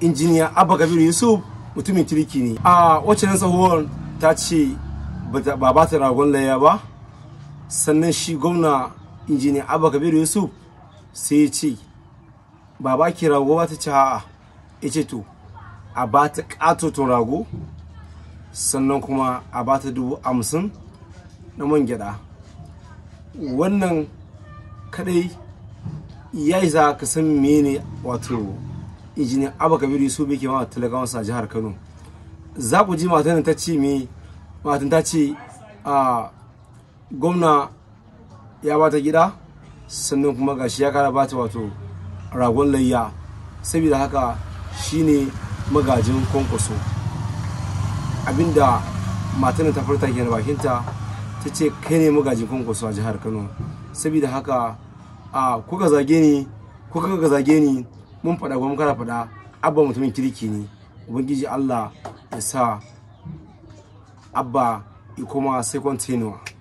injiniya abba gabiru yusuf mutumin kirki ne a wacce nan sahuwar ta ce ba ba ta ragon laya ba sannan shi gwamna injiniya abba gabiru yusuf sai ya ce ba ba ki rago ba ta ce ha'a ya ce to a ba ta katoton rago sannan kuma a ba ta dubu hamsin na man gyada wannan kadai ya yi za ka san mene wato injini abu kabir su bai ke ma talakawan sa jihar kano za ku ji matan ta ce mi matan ta ce a gwamna ya bata gida sannan kuma gashi ya kara bata wato ragon layya saboda haka shine magajin kwankwaso abinda matan ta furta ke bakinta ta ce kai ne magajin kwankwaso a jihar kano saboda haka a kuka zage ni kuka zage ni mun faɗa kuma kana faɗa abba mutumin kirki ne ubangiji allah ya sa abba ya koma sai continuer